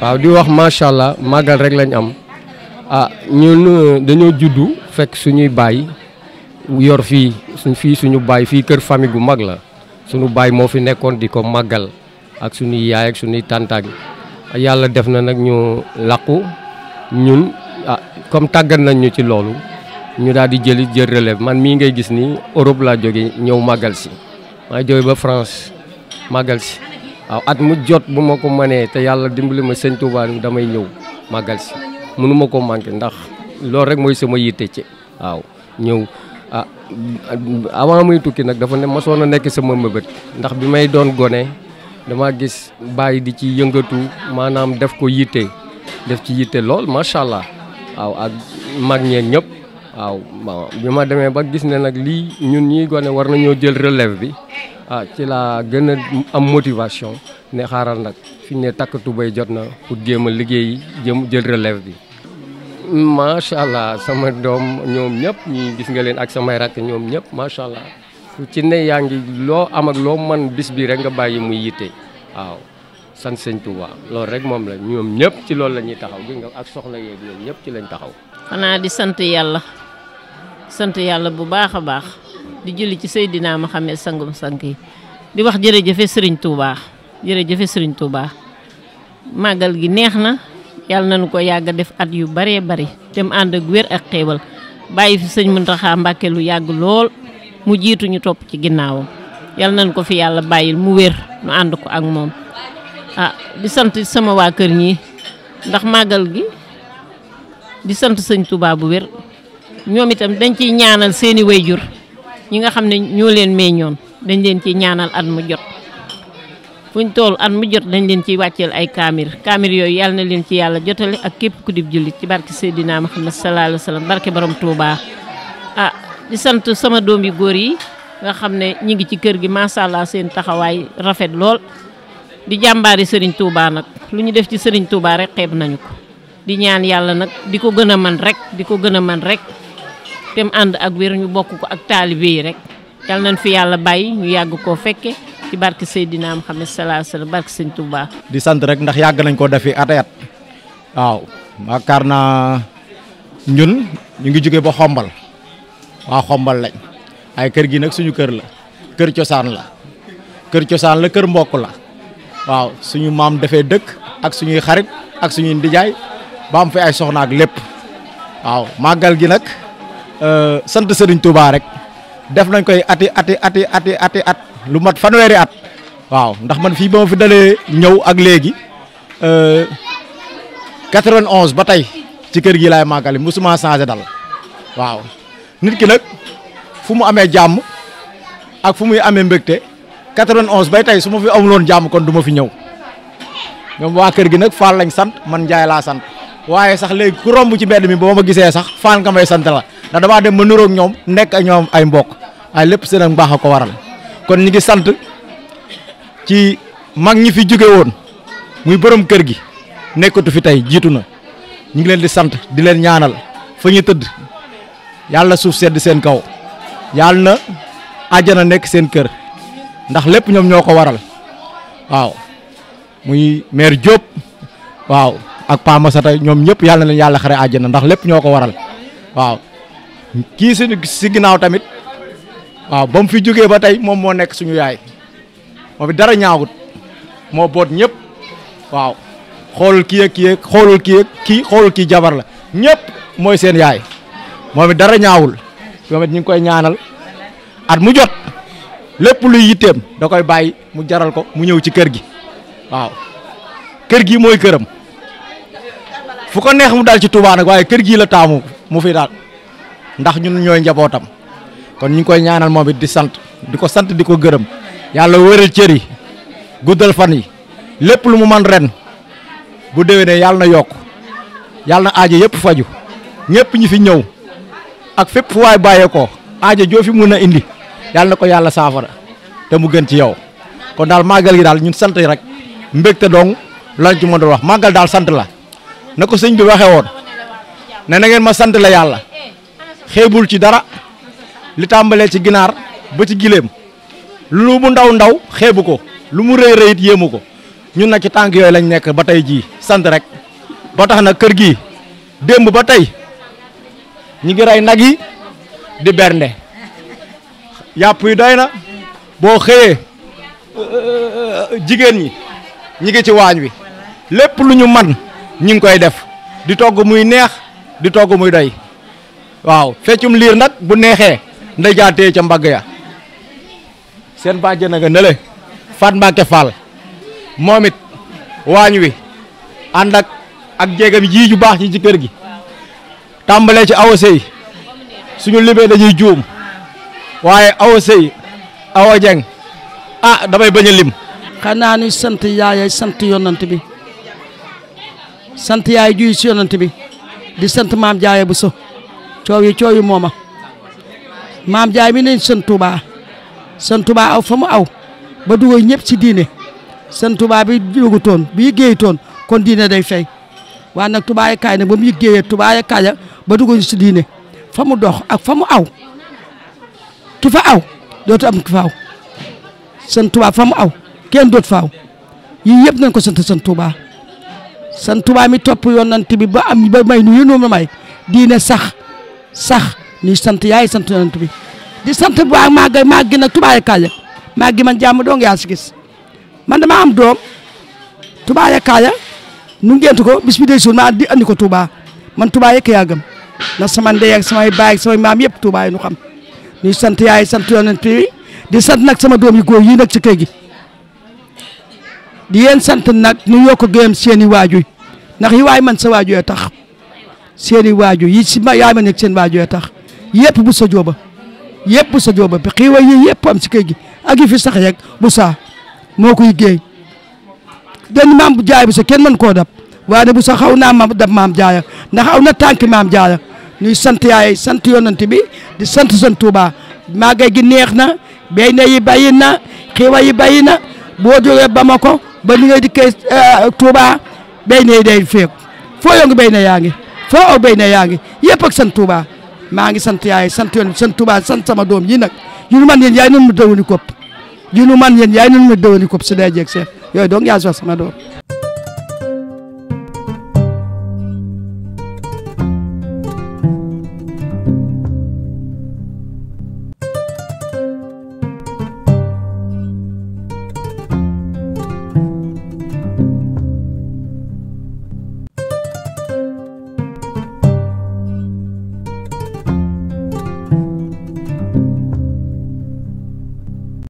waaw di wax macha allah rek lañ am ah ñun dañoo juddu fekk suñuy bay, yor fi suñ fi suñu bay fi kër famille bu mag la suñu bay mo fi nekkon di magal ak suñu yaay ak suñuy tàntaag yalla def na nak ñu làqu ñun ah comme tàggat nañ ñu ci loolu ñu daal di jël jël relève man mi ngay gis ni Europe la joggé ñew magal si ma joy ba France magal si waaw at mu jot bu ma ko manee te yàlla dimbali ma sëñ Touba damay ñëw màggal si mënu ma ko manqué ndax loolu rek mooy sama yitte ci waaw ñëw ah avant muy tukki nag dafa ne masoon a nekk sama mëbët ndax bi may doon gone dama gis bàyyi di ci yëngatu maanaam def ko yitte def ci yitte lool macha allah waaw ak mag ñeen ñëpp waaw bi ma demee ba gis ne nag lii ñun ñuy gone war nañoo jël relève bi ah ci la gëna a am motivation ne xaaral nak fi ñu ne takk tubay jot na liggéey relève bi sha allah sama dom ñom ñep ñi gis nga len ak rak ñom ñep ma sha allah ku ci ne yaangi lo am ak lo man bis bi rek nga bayyi muy yité waaw san sëñ Touba lool rek mom la ñom ñep ci lool lañuy taxaw gis nga ak soxla yeeg ñom ñep ci lañ taxaw xana di sante yalla sante yalla bu baaxa baax di julli ci sayidina mohammed sangum sanki di wax jeffe serigne Touba jeffe serigne Touba magal gi neexna yal nañ ko yag def at yu bare bari dem and ak wer ak xewal bàyyi fi sëñ Muntaxa mbake lu yag lol mu jitu ñu top ci ginnaawam nañ ko fi yalla bayil mu wer nu and ko ak mom ah di sant sama wa keur ñi ndax magal gi di sant serigne Touba bu wer ñom itam dañ ci ñaanal seeni wayjur ñi nga xamne ne ñoo leen meññoon dañ leen ci ñaanal at mu jot fuñ tol at mu jot dañ leen ci waccel ay kamir. Kamir yoy yalla na leen ci yalla jotale ak kep ku dib julit ci barke sayidina muhammad sallallahu alaihi wasallam barke borom touba ah di sant sama dom yu gor yi nga xamne ne ñi ngi ci kër gi sha allah seen taxaway rafet lol di jambaari serigne touba nak lu def ci serigne touba rek xeb nañu ko di ñaan yalla nak di gëna man rek di gëna man rek tem and ak wér ñu bokku ko ak talibé yi rek yal nañ fi yalla bay ñu yag ko fekke ci barke Seydina sallallahu salaa wasallam barke seigne Touba. di sant rek ndax yag nañ ko dafi atayat waaw yaakaar naa ñun ñu ngi joggé ba xombal wa xombal lañ ay kër gi nak suñu kër la kër ciosan la kër ciosan la kër mbokk la waaw suñu mam dafé dekk ak suñu xarit ak suñu ndijay ba am fi ay soxna ak lepp waaw magal gi nak Euh, sant Serigne Touba rek def nañ koy ati ati ati ati ati at lu mat fanweeri at waaw ndax man fii ba ma fi dalee ñëw ak léegi 91 euh, ba tey ci kër gi laay màggali mosuma changé dal waaw nit ki nag fu mu amee jàmm ak muy amee mbégte 91 bay tey su ma fi amuloon jàmm kon du ma fi ñëw ñoom waa kër gi nag Fall lañ sant man Ndiaye laa sant waaye sax léegi ku romb ci mbedd mi boo ma gisee sax Fall nga may sant la. ndax damaa dem ma nuroog ñoom nekk ak ñoom ay mbokk ay lépp seen ak mbaax a ko waral kon ñi ngi sant ci mag ñi fi jóge woon muy borom kër gi nekkatu fi tey jiitu na ñu ngi leen di sant di leen ñaanal fa ñu tëdd yàlla suuf sedd seen kaw yàlla na àjjana nekk seen kër ndax lépp ñoom ñoo ko waral waaw muy maire Diop waaw ak Pa Masata ñoom ñëpp yàlla na leen yàlla xare àjjana ndax lépp ñoo ko waral waaw kii si si ginnaaw tamit waaw ba mu fi jógee ba tey moom moo nekk suñu yaay moom it dara ñaawut moo boot ñëpp waaw xoolul kii ak kii ak xoolul kii ak kii xoolul kii jabar la ñëpp mooy seen yaay moom it dara ñaawul moom it ñu ngi koy ñaanal at mu jot lépp luy yitteem da koy bàyyi mu jaral ko mu ñëw ci kër gi waaw kër gi mooy këram fu ko neex mu dal ci Touba nag waaye kër gii la taamu mu fi daal ndax ñun ñooy njabootam kon ñu koy ñaanal moom it di sant di ko sant di ko gërëm yàlla wéral cër yi guddal fan yi lépp lu mu man ren bu déwénee yàlla na yokk yàlla na aajo yëpp faju ñëpp ñi fi ñëw ak fépp fu waay bàyyee ko aajo joo fi mun a indi yàlla na ko yàlla saafara te mu gën ci yow kon daal màggal gi daal ñun sant rek mbégte dong lañ ci mën a wax màggal daal sant la na ko sëñ bi waxee woon ne na ngeen ma sant la yàlla xeebul ci dara li tàmbalee ci ginaar ba ci gileem lu mu ndaw ndaw xeebu ko lu mu rëy rëyit yéemu ko ñun nag ci tànk yooyu lañ nekk ba tey jii sant rek ba tax na kër gi démb ba tey ñi ngi rey nag yi di bernde yàpp yi doy na boo xëyee jigéen ñi ñi ngi ci waañ wi lépp lu ñu man ñi ngi koy def di togg muy neex di togg muy doy waaw feccum liir nag bu neexee nday jaatee ca mbagg ya seen bàjje na nga nële Faat Mbàkke Fall moom it waañ wi ànd ak ak ji yii ju baax ci ci kër gi tàmbalee ci awa suñu limee dañuy juum waaye awa sëy a ah, damay bañ a lim xanaa ni sant yaayay sant bi sant yaay juy si yonant bi di sant maam jaaye bu so coow yi coow yi mooma maam Jaay mi ne sën Touba sën Touba aw fa mu aw ba dugal ñëpp ci diine sën Touba bi yëgutoon bi yëggeeyutoon kon diine day fay waaye nag Touba ya kaay nag ba mu yëggeeyee Touba ya kaay ba dugal ci diine fa mu dox ak fa mu aw ki fa aw dootu am ki faaw sën Touba fa mu aw kenn doot faaw yii yëpp nañ ko sant sën Touba sën Touba mi topp yoonante bi ba am ba may nu yéen may diine sax. sax ñuy sant yaay sant yonent bi di sant bu baax maa ngi maa ngi nag Touba Kaaya maa ngi man jàmm dong yaa si gis man dama am doom Touba Kaaya nu ngeentu ko bis bi day suur maa di andi ko Touba man Touba yekk yaa gëm ndax sama ndey ak samay baay ak samay maam yëpp Touba yi nu xam ñuy sant yaay sant yonent bi di sant nag sama doom yu goo yii nag ci kër gi di yéen sant nag ñu yokk gëm seeni waaju ndax yi waay man sa waaju tax. seen i waaju yi si ma yaa ma seen waajoo ya tax yëpp bu sa jooba yëpp bu sa jooba bi xiiwa yi yëpp am si kër gi ak fi sax yeeg bu saa moo koy géey dañ maam jaay bu sa kenn mën koo dab waane ne bu sa xaw naa ma dab maam jaaya ndax aw na tànk maam jaaya ñuy sant yaay sant yonent bi di sant san Tuuba màggal gi neex na béy na yi bàyyi na xiiwa yi bàyyi na boo jógee Bamako ba ni ngay dikkee eh, Tuuba béy na yi day féeg foo yëngu béy na yaa ngi foo aw béy ne yaa ngi yëpp ak sant Touba maa ngi sant yaay sant yoon sant Touba sant sama doom yi nag yu man yéen yaay nan mu dawani kopp yu nu man yéen yaay nan ma dawani kopp si day jeeg seef yooyu donc yaa sox sama doom